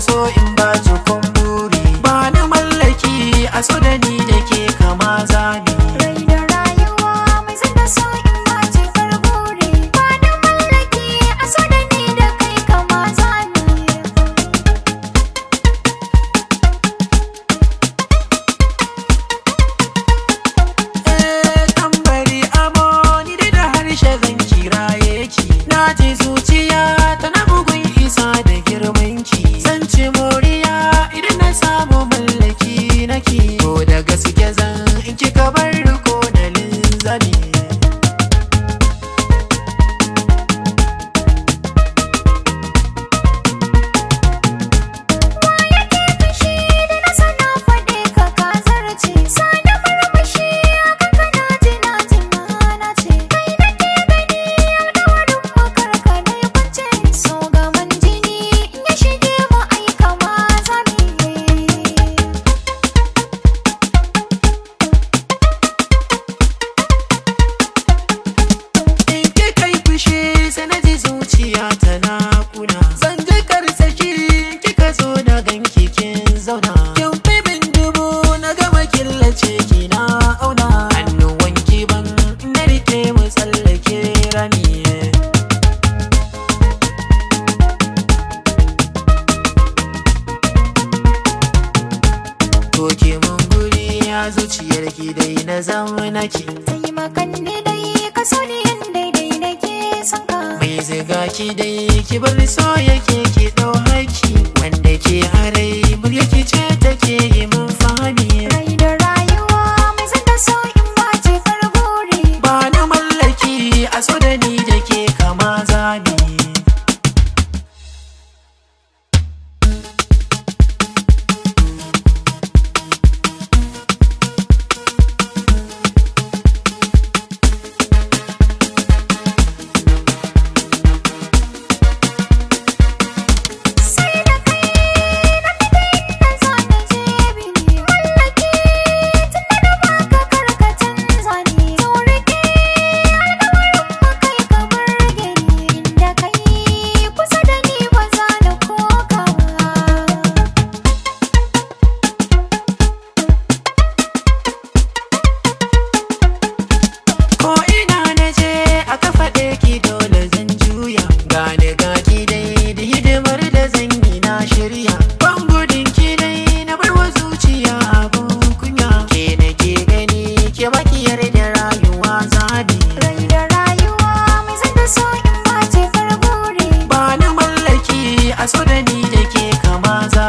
soy zuciyar ki dai na zama naki taimakan ne dai ka so ni daidai nake son ka mai ziga ki dai ki bar so yake ki dau haki maza